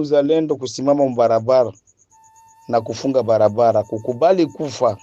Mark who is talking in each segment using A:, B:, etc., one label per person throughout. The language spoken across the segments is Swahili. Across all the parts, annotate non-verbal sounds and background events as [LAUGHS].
A: uzalendo kusimama mbarabara na kufunga barabara, kukubali kufa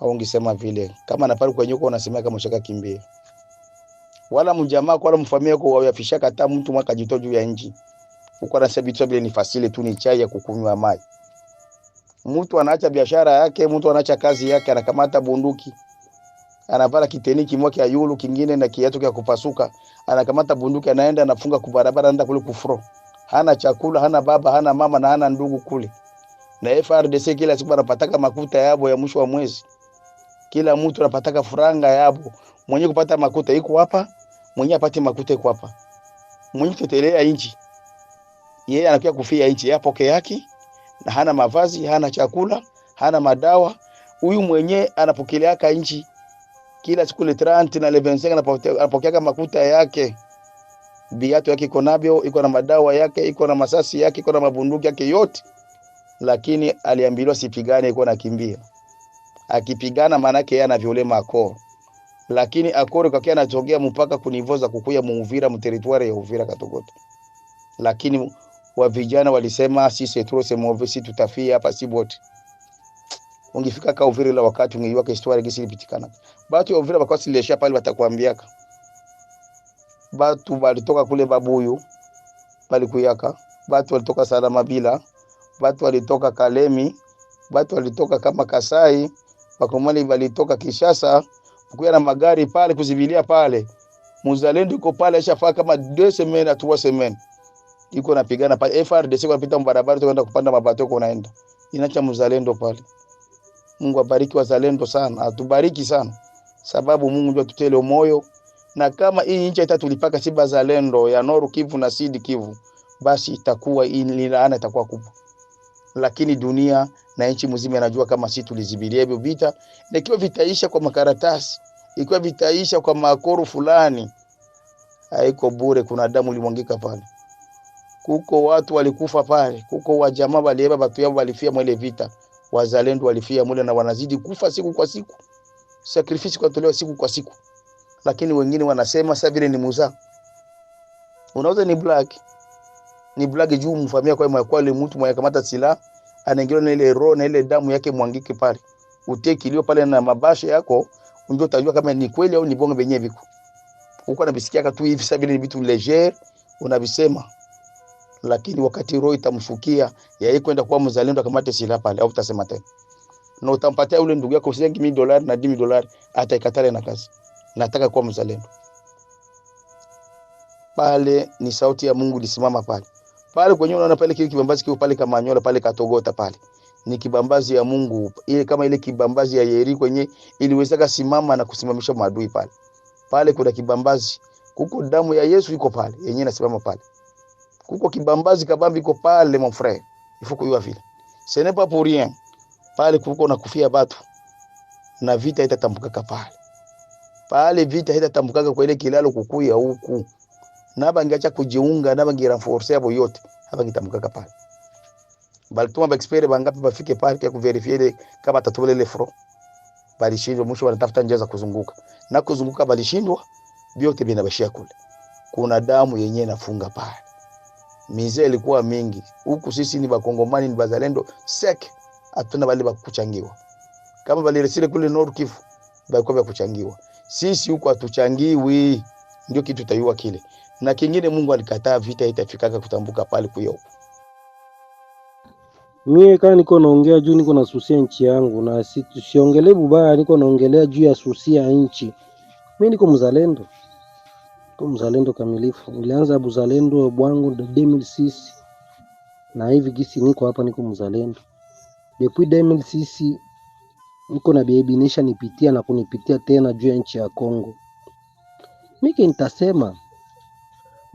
A: au ngisema vile kama napali kwenye uko unasemeka mshaka ushaka kimbia, wala mjamaa kwa wala kwa yako wayafisha kata mtu mwaka jito juu ya nji uko anasema vitu vile ni fasile tu, ni chai ya kukunywa maji. Mtu anaacha biashara yake, mtu anaacha kazi yake, anakamata bunduki, anavala kiteni kimwa kia yulu kingine na kiatu kia kupasuka, anakamata bunduki, anaenda anafunga kubarabara, anaenda kule kufro hana chakula, hana baba, hana mama na hana ndugu kule. Na FRDC kila siku anapataka makuta yabo ya mwisho wa mwezi, kila mtu anapataka furanga yabo. Mwenye kupata makuta iko hapa, mwenye apate makuta iko hapa, mwenye kutetelea inchi yeye anakuja kufia inchi yapokee yake, na hana mavazi, hana chakula, hana madawa. Huyu mwenye anapokeleaka inchi kila siku le 30 na le 25 anapokeaka makuta yake viatu yake iko navyo, iko na madawa yake, iko na masasi yake, iko na mabunduki yake yote, lakini aliambiwa sipigane, iko nakimbia. Akipigana maana yake yeye anaviolema akoro, lakini akoro kakia anatokea mpaka kunivoza kukuya muuvira mteritwari ya Uvira Katogota, lakini wa vijana walisema sisi trose movisi tutafia hapa si bote ungifika ka Uvira, la wakati ungeiwa ka historia gisi ilipitikana batu ya Uvira bakwa silesha pale, watakwambiaka batu balitoka kule Babuyu palikuyaka, batu walitoka Salamabila, batu walitoka Kalemi, batu walitoka kama Kasai, Bakomali walitoka Kishasa, kuya na magari pale kuzibilia pale. Muzalendo iko pale ashafaa kama 2 semaine na 3 semaine iko napigana pale FRDC, kwa pita mbarabara, tu kwenda kupanda mabato, uko naenda inacha muzalendo pale. Mungu abariki wazalendo sana, atubariki sana, sababu Mungu ndio tutele moyo na kama hii nchi itatulipaka si bazalendo ya Noru Kivu na Sidi Kivu, basi itakuwa hii laana itakuwa kubwa. Lakini dunia na nchi mzima inajua kama sisi tulizibilia hiyo vita, na ikiwa vitaisha kwa makaratasi, ikiwa vitaisha kwa makoro fulani, haiko bure. Kuna damu ilimwangika pale, kuko watu walikufa pale, kuko wajamaa walieba watu yao walifia mwele vita, wazalendo walifia mwele na wanazidi kufa siku kwa siku, sacrifice kwa tolewa siku kwa siku lakini wengine wanasema sasa vile ni muza. Unaweza ni black ni black juu mfamia kwa mwa kwale mtu mwa kamata sila anaingia na ile roho na ile damu yake mwangike pale, Uteki kilio pale na mabasha yako, unjua utajua kama ni kweli au ni bongo benye viko uko bisikia tu hivi. Sasa vile ni vitu leger unavisema, lakini wakati roho itamfukia yeye kwenda kuwa mzalendo akamate sila pale, au utasema tena na utampatia ule ndugu yako shilingi 1000 dolari na 10 dolari, ataikatale na kazi nataka kuwa mzalendo. Pale ni sauti ya Mungu ilisimama pale pale kwenye, unaona pale kile kibambazi kiko pale kama nyola pale Katogota pale ni kibambazi ya Mungu ile, kama ile kibambazi ya Yeri kwenye iliweza kusimama na kusimamisha maadui pale pale. Kuna kibambazi, kuko damu ya Yesu iko pale yenyewe inasimama pale, kuko kibambazi kabambi iko pale, mon frère il faut que vile ce n'est pas pour rien pale, kuko na kufia batu na vita itatambuka pale pale vita hita tambukaga kwa ile kilalo kukuya huku, naba bangiacha kujiunga naba ngira forcer hapo yote hapa ngitamukaka pale bali tuma ba expert bangapi bafike pale kwa kuverify ile kama tatubele ile fro, bali shindwa Mwisho wanatafuta njia za kuzunguka na kuzunguka, bali shindwa Vyote vinabashia kule, kuna damu yenyewe nafunga pale. Mizee ilikuwa mingi huku, sisi ni bakongomani ni bazalendo sek, atuna bali bakuchangiwa kama bali resile kule Nord Kivu, balikuwa kuchangiwa sisi huko hatuchangiwi, ndio kitu tayua kile na kingine. Mungu alikataa vita itafikaka kutambuka pale kuyo. Mie kana niko naongea juu niko nasusia nchi yangu, na siongelee bubaya, niko naongelea juu ya susia nchi. Mimi niko mzalendo, niko mzalendo kamilifu. Nilianza buzalendo bwangu sisi, na hivi gisi niko hapa, niko mzalendo depuis sisi iko na nisha nipitia na kunipitia tena juu ya nchi ya Kongo. Miki nitasema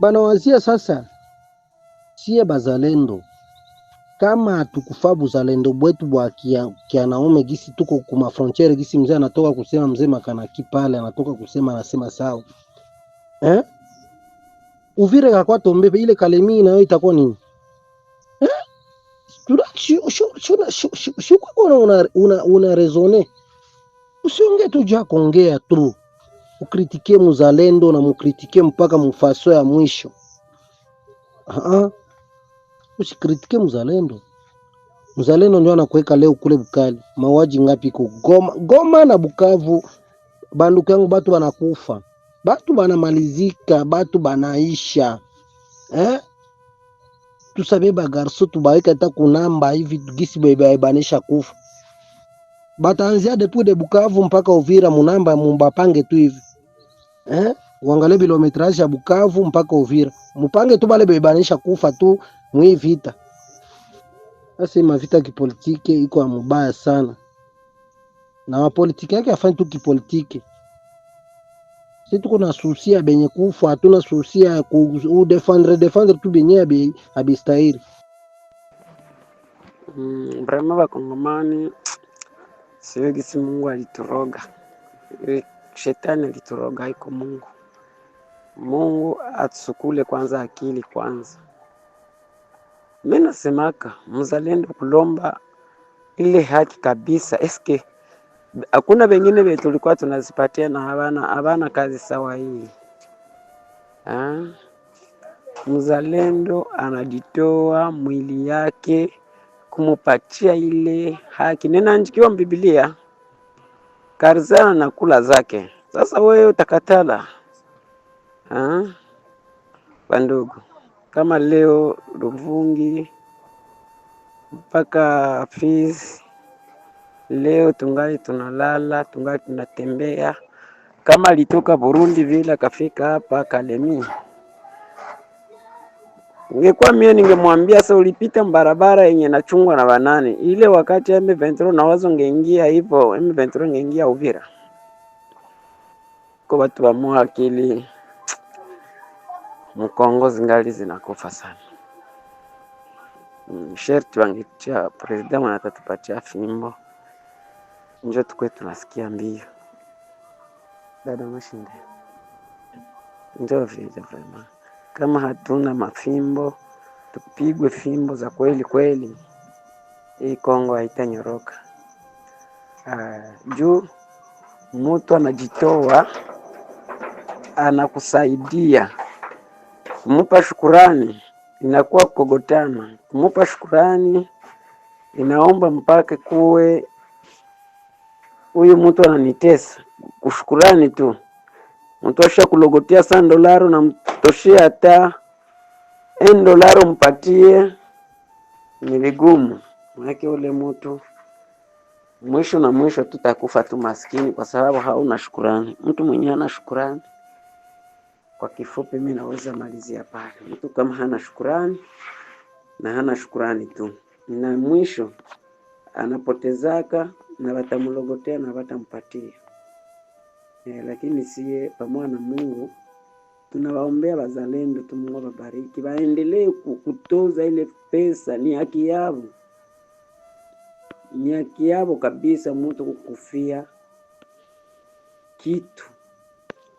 A: banawazia sasa, sie bazalendo kama hatukufaa buzalendo bwetu bwa kianaume kia gisi tuko kuma frontiere gisi mzee anatoka kusema mzee Makanaki pale anatoka kusema anasema sawa eh? Uvire tombe ile kalemi nayo itakuwa nini? Una, una, rezone usionge tu ja kuongea tu, ukritike muzalendo na mukritike mpaka mfaso ya mwisho. Usikritike muzalendo, muzalendo ndio anakuweka leo kule Bukali. Mauaji ngapi ku Goma, Goma na Bukavu, banduku yangu, batu banakufa, batu banamalizika, batu banaisha eh? tusabeba garso tubaike hata kunamba hivi gisi bebaibanisha kufa bataanzia depuis de Bukavu mpaka Uvira munamba mumbapange tu hivi eh, uangalie kilometraje ya Bukavu mpaka Uvira mupange tu bale baibanisha kufa tu mwi vita. Sasa mavita kipolitike iko mubaya sana na wapolitiki yake afanye tu kipolitiki si tuko na susia benye kufa, hatuna susia ku defendre defendre tu benye abi abistahili.
B: Mm, brema bakongomani sio gisi Mungu alituroga. Shetani alituroga haiko Mungu. Mungu atusukule kwanza akili kwanza. Mimi nasemaka mzalendo kulomba ile haki kabisa eske hakuna vengine vye tulikuwa tunazipatia na habana habana kazi sawa hii ha? Mzalendo anajitoa mwili yake kumupatia ile haki. Nena njikiwa mbibilia karizana na kula zake. Sasa wewe utakatala ha? Bandugu, kama leo Ruvungi mpaka Fizi leo tungali tunalala, tungali tunatembea. Kama alitoka Burundi vile akafika hapa Kalemi, ningekuwa mie ningemwambia sasa, ulipita barabara yenye nachungwa na banani ile wakati M23 na wazo ngeingia hivyo, M23 ngeingia Uvira kwa watu wamua akili Mkongo zingali zinakufa sana. Mm, sherti wangitia president wanatatupatia fimbo Njoo tukue tunasikia mbio. Dada mashinde, njoo vile vrema, kama hatuna mafimbo tupigwe fimbo za kweli kweli, hii Kongo haitanyoroka. Uh, juu mtu anajitoa anakusaidia, kumupa shukurani inakuwa kukogotana, kumupa shukurani inaomba mpake kuwe huyu mtu ananitesa, kushukurani tu. Mtu asha kulogotia saa dolaro na mtoshia hata en ee dolaro mpatie, ni vigumu manake ule mtu mwisho na mwisho tutakufa tu maskini, kwa sababu hauna shukurani. Mtu mwenyewe ana shukurani. Kwa kifupi, mimi naweza malizia pale, mtu kama hana shukurani na hana shukurani tu, na mwisho anapotezaka na batamulogotea na batampatia e, lakini siye pamoja na Mungu tunawaombea wazalendo, tumua wabariki, waendelee kutoza ile pesa. Ni haki yao, ni haki yao kabisa, mtu kukufia kitu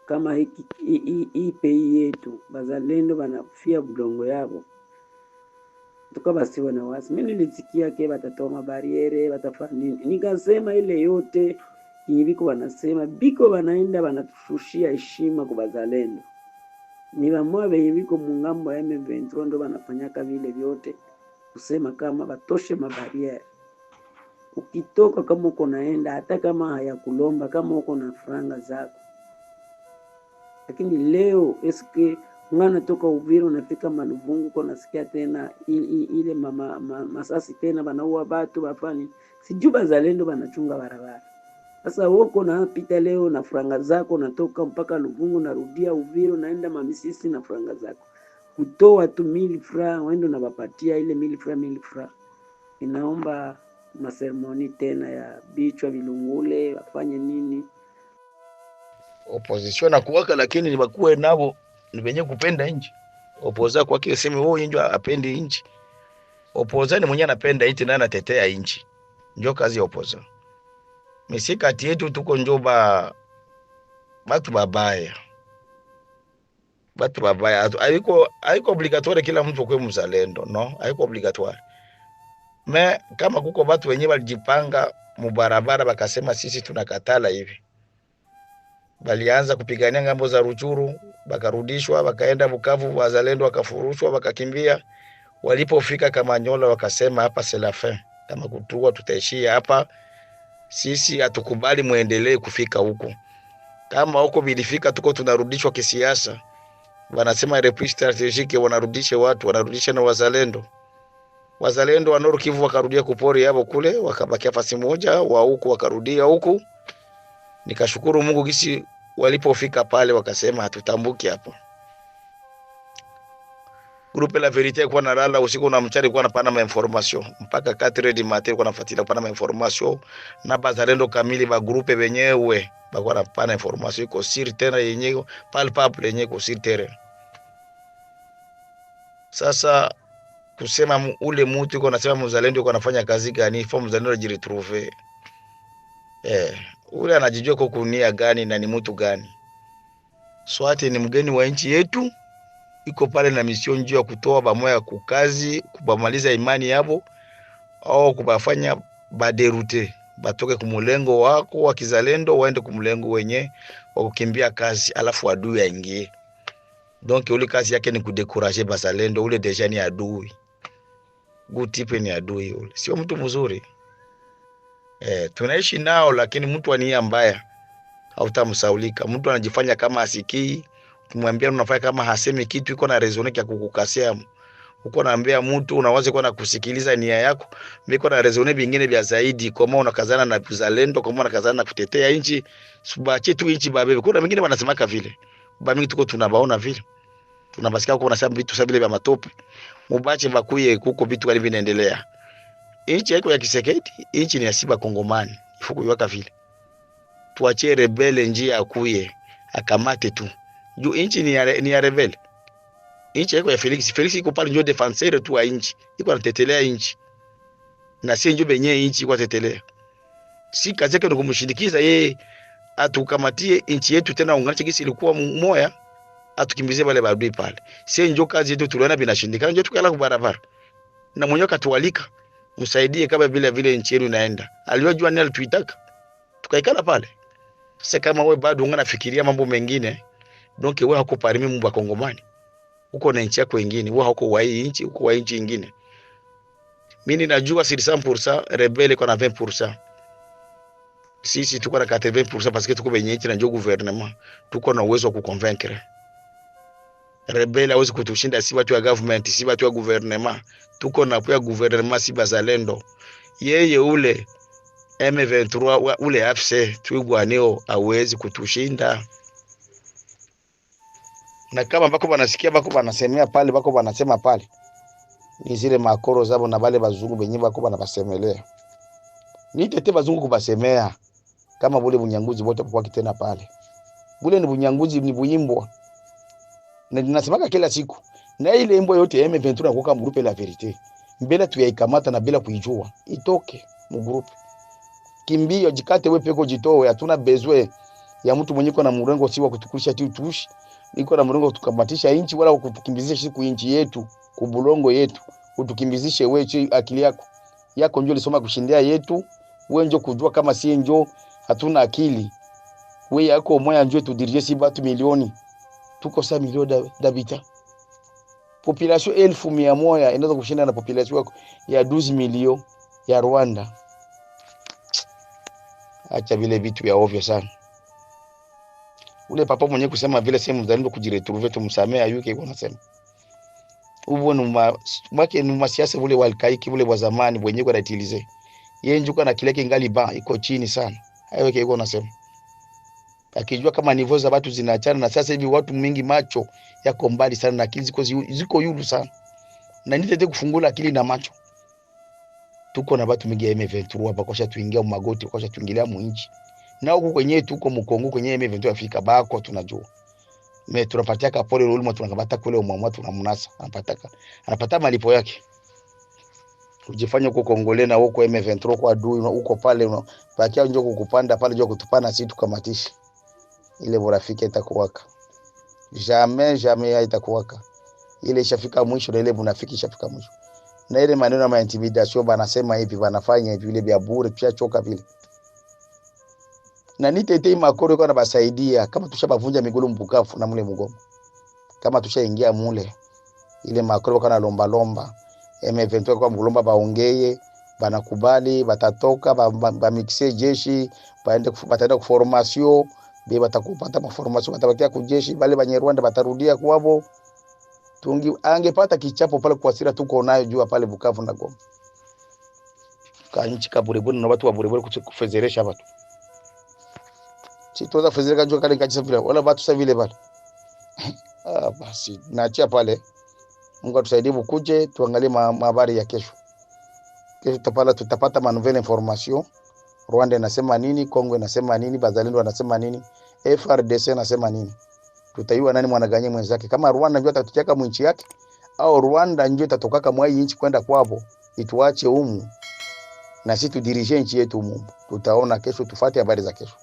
B: kama hii pei yetu. Wazalendo wanafia budongo yao tuka basiwe na wasi. Mimi nilisikia ke batatoma bariere batafanya nini, nikasema ile yote ibiko wanasema biko wanaenda banatufushia heshima kwa bazalendo, ni bamwa beibiko mungambo ya M23 ndo banafanyaka vile vyote, kusema kama batoshe mabariere ukitoka kama uko naenda hata kama hayakulomba kama uko na franga zako, lakini leo eske Mwana unatoka Uvira unafika Malugungu kwa nasikia tena ile mama, ma, masasi tena banaua batu bafani sijui bazalendo banachunga barabara. Sasa woko napita leo na franga zako natoka mpaka Lugungu narudia Uvira naenda mamisisi na franga zako kutoa tu mili fra wendo na bapatia ile mili fra mili fra. Inaomba maseremoni tena ya bichwa vilungule wafanye nini opposition kuwaka lakini ni nibakuwe nabo ni venye kupenda nchi. Opoza kwa kile sema wewe oh, nje apendi nchi. Opoza ni mwenye anapenda nchi na anatetea nchi. Njo kazi ya opoza. Misika yetu tuko njoba watu batu babaya. Batu babaya. Haiko haiko obligatory kila mtu kuwe mzalendo, no? Haiko obligatory. Me kama kuko watu wenye walijipanga mubarabara bakasema sisi tunakatala hivi. Balianza kupigania ngambo za Ruchuru, bakarudishwa, wakaenda Bukavu, wazalendo wakafurushwa, wakakimbia. Walipofika Kamanyola wakasema hapa selafin, kama kutua tutaishia hapa, sisi hatukubali muendelee kufika huko. Kama huko vilifika, tuko tunarudishwa kisiasa. Wanasema repris strategike, wanarudishe watu, wanarudisha na wazalendo wazalendo wa Nord Kivu wakarudia kupori hapo kule, wakabakia fasi moja wa huku wakarudia huku. Nikashukuru Mungu kisi Walipofika pale wakasema hatutambuki hapo. Grupe la Verite kwa nalala usiku na mchana kwa napana ma information mpaka 4 di matin kwa nafuatilia kwa ma information na bazalendo kamili ba grupe wenyewe ba kwa napana information iko siri tena yenyewe palpable yenyewe iko siri tena. Sasa kusema ule mtu iko nasema mzalendo iko anafanya kazi gani? Fo mzalendo ajiretrouve eh ule anajijua kwa kunia gani na ni mtu gani. Swati ni mgeni wa nchi yetu, iko pale na mission juu ya kutoa bamoya kukazi, kubamaliza imani yabo au kubafanya baderute batoke kumulengo wako wa kizalendo waende kumulengo wenye wa kukimbia kazi, alafu adui aingie. Donc ule kazi yake ni kudekuraje bazalendo, ule deja ni adui. Gutipe ni adui ule, sio mtu mzuri. E, tunaishi nao, lakini mtu ania mbaya hautamsaulika. Mtu anajifanya kama asikii, ukimwambia unafanya kama hasemi kitu, iko na reason ya kukukasia uko naambia mtu unawaza kuwa nakusikiliza nia yako, miko na rezone vingine vya zaidi, kwa maana unakazana na uzalendo, kwa maana unakazana na kutetea nchi, subache tu nchi babe. Kuna wengine wanasemaka vile ba mingi tuko tunabaona vile tunabasikia, uko unasema vitu sabile vya matope, mubache vakuye kuko vitu vinaendelea inchi yaiko ya kiseketi inchi ni yasiba Kongomani ifukuiwaka vile, tuachie rebele njia akuye akamate tu juu inchi ni ya, ni ya rebele. Inchi yaiko ya Felix, Felix iko pale njo defenseur tu wa inchi, iko anatetelea inchi na si njo benye inchi iko atetelea. Si kazi yake ni kumshindikiza yeye atukamatie inchi yetu tena, unganisha kisi ilikuwa moya atukimbizie pale badui pale. si njo kazi yetu tuliona binashindikana, njo tukala kubarabara na mwenyewe katualika msaidie kama vile vile nchi yenu inaenda. Aliyojua nini alituitaka tukaikala pale. Sasa kama wewe bado unafikiria mambo mengine, donc wewe hakuparimi Mungu wa Kongomani, uko na nchi yako nyingine, wewe hako wa hii nchi, uko wa nchi nyingine. Mimi ninajua 100% rebelle kwa na 20%. Sisi tuko na 80% parce que tuko benye nchi na njoo gouvernement, tuko na uwezo wa kuconvaincre rebeli hawezi kutushinda, si watu wa government, si watu wa guvernema, tuko na ya guvernema, si bazalendo. Yeye ule M23 ule afse twigwanio hawezi kutushinda na kama bako banasikia bako banasemea pale bako banasema pale, ni zile makoro zabo na bale bazungu benye bako banabasemelea. Ni tete bazungu kubasemea kama bule bunyanguzi bote kwa kitena pale, bule ni bunyanguzi ni buyimbwa na Ninasemaka kila siku na ile imbo yote ya M23 na kuweka mgrupe la verite mbele tuyaikamata na bila kuijua itoke mgrupe kimbio, jikate wewe peko, jitoe. Hatuna bezwe ya mtu mwenye kwa na mrengo si wa kutukulisha tu tushi, niko na mrengo tukamatisha inchi wala kukimbizisha siku inchi yetu kubulongo yetu, utukimbizishe wewe akili yako yako njoo lisoma kushindia yetu, wewe njoo kujua kama si njoo hatuna akili wewe yako moyo njoo tudirije si batu milioni tuko saa milioni d'habitants, population elfu mia moja inaweza kushinda na population ya 12 milio ya Rwanda. Acha vile vitu vya ovyo sana. Ule papa mwenye kusema vile sehemu mzalendo kujiretrouver, tumsamea yuke kwa nasema ubo numa mwake numa siasa vule walikaiki vule wa zamani wenye kwa datilize njuka na kileke ngali ba iko chini sana, hayo yake iko nasema akijua kama nivo za watu zinaachana, na sasa hivi watu mingi macho yako mbali sana na akili ziko, ziko yulu sana, na nitete kufungula akili na macho. Tuko na watu mingi ya M23 hapa, kwa sababu tuingia magoti, sababu tuingilia muinchi na huko kwenye tuko mkongo kwenye M23 afika bako tunajua me tunapatia ka pole ulimo tunakabata kule umwamwa tunamnasa anapataka anapata malipo yake. Ujifanye uko Kongole na uko M23 kwa adui uko pale unapakia njoo kukupanda pale njoo kutupana sisi tukamatishi ile urafiki itakuwaka jamais jamais, itakuwaka ile. Ishafika mwisho na ile munafiki ishafika mwisho, na ile maneno ya intimidation banasema hivi banafanya hivi ile vya bure, pia choka vile na nitetei makoro kwa nabasaidia kama tushabavunja migulu mbukafu na mule mgomo kama tushaingia mule ile makoro kwa nalomba lomba M23 kwa mgulomba baongee banakubali batatoka ba, ba, ba jeshi baende bataenda kuformasio be batakupata maformasio batabakia kujeshi, bale Banyarwanda batarudia kwabo. Tungi angepata kichapo pale kwa sira tuko nayo jua pale Bukavu na Goma, kanchi nchi ka burebure na watu wa burebure kufezeresha watu sitoza kufezereka jua kale kanchi vile wala watu sa vile bale [LAUGHS] ah, basi naachia pale. Mungu atusaidie, bukuje tuangalie mahabari ya kesho. Kesho tutapata tutapata manuvel information Rwanda inasema nini, Kongo inasema nini, Bazalendo wanasema nini, FRDC anasema nini? Tutaiwa nani mwanaganye mwenzake? Kama Rwanda njoo atatuchaka mwinchi yake au Rwanda njoo itatokaka mwa hii nchi kwenda kwavo, ituache umu na sisi tudirije nchi yetu umu. Tutaona kesho, tufate habari za kesho.